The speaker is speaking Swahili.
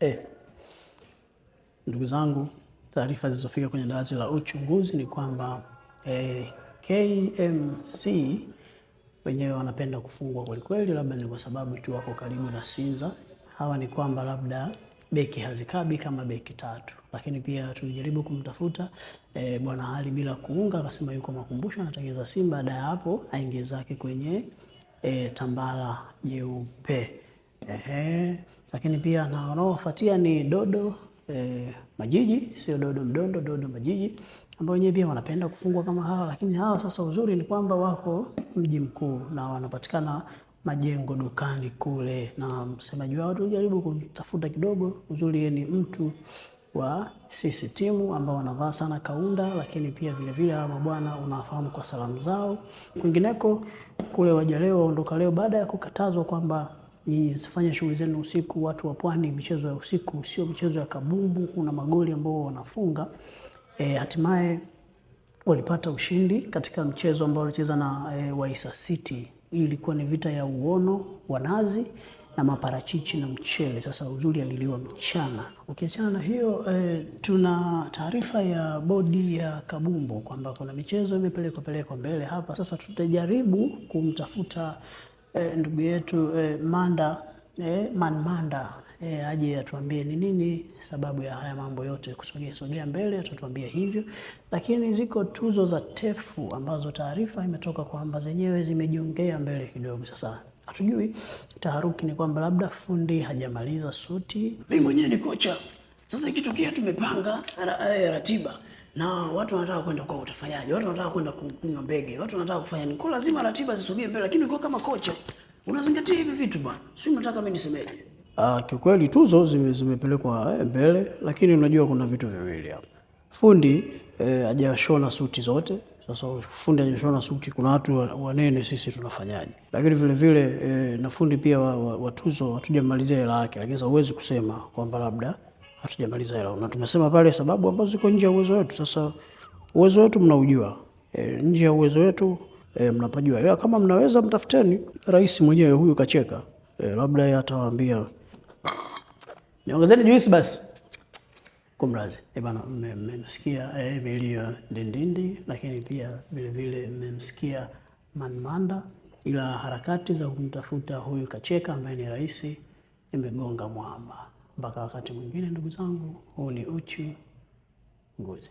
Eh, ndugu zangu, taarifa zilizofika kwenye dawati la uchunguzi ni kwamba eh, KMC wenyewe wanapenda kufungwa kwelikweli, labda ni kwa sababu tu wako karibu na Sinza. Hawa ni kwamba labda beki hazikabi kama beki tatu, lakini pia tulijaribu kumtafuta e, bwana hali bila kuunga, akasema yuko makumbusho anatengeza Simba, Baada ya hapo aingie zake kwenye e, tambara jeupe. Ehe, lakini pia na wanaofuatia ni Dodo e, Majiji, sio Dodo Mdondo, Dodo Majiji ambao wenyewe pia wanapenda kufungwa kama hawa, lakini hawa sasa uzuri ni kwamba wako mji mkuu na wanapatikana majengo dukani kule, na msemaji wao tulijaribu kutafuta kidogo, uzuri yeye ni mtu wa sisi timu ambao wanavaa sana kaunda, lakini pia vile vile hawa mabwana unawafahamu kwa salamu zao. Kwingineko kule waja leo waondoka leo baada ya kukatazwa kwamba nyinyi msifanye shughuli zenu usiku. Watu wa pwani, michezo ya usiku sio michezo ya kabumbu. Kuna magoli ambao wanafunga. E, hatimaye walipata ushindi katika mchezo ambao walicheza na e, Waisa City. Hii ilikuwa ni vita ya uono wa nazi na maparachichi na mchele. Sasa uzuri aliliwa mchana. Ukiachana na hiyo e, tuna taarifa ya bodi ya kabumbu kwamba kuna michezo imepelekwa pelekwa mbele hapa. Sasa tutajaribu kumtafuta eh, ndugu yetu eh, Manda eh, Manmanda eh, aje atuambie ni nini sababu ya haya mambo yote kusogea sogea mbele, atatuambia hivyo. Lakini ziko tuzo za tefu ambazo taarifa imetoka kwamba zenyewe zimejongea mbele kidogo. Sasa hatujui taharuki ni kwamba labda fundi hajamaliza suti. Mimi mwenyewe ni kocha, sasa ikitokea tumepanga eh, ratiba na watu wanataka kwenda kwa utafanyaje, watu wanataka kwenda kunywa mbege, watu wanataka kufanya nini, kwa lazima ratiba zisogee mbele, lakini ukiwa kama kocha unazingatia hivi vitu bwana, si unataka mimi nisemeje? Ah, kiukweli tuzo zimepelekwa zime eh, mbele, lakini unajua kuna vitu viwili hapa. Fundi eh, ajashona suti zote. Sasa fundi ajashona suti, kuna watu wanene, sisi tunafanyaje? Lakini vile vile eh, na fundi pia wa, wa, wa tuzo hatujamalizia hela yake, lakini sasa huwezi kusema kwamba labda hatujamaliza hela, na tumesema pale sababu ambazo ziko nje ya uwezo wetu. Sasa uwezo wetu mnaujua e, nje ya uwezo wetu e, mnapajua, ila kama mnaweza mtafuteni. Rais mwenyewe huyu kacheka e, labda yeye atawaambia niongezeni juisi basi. Kumrazi e bana, mmemsikia e, Ndindindi, lakini pia vilevile mmemsikia Manmanda, ila harakati za kumtafuta huyu kacheka ambaye ni rais imegonga mwamba. Mpaka wakati mwingine, ndugu zangu, huu ni uchu nguzi.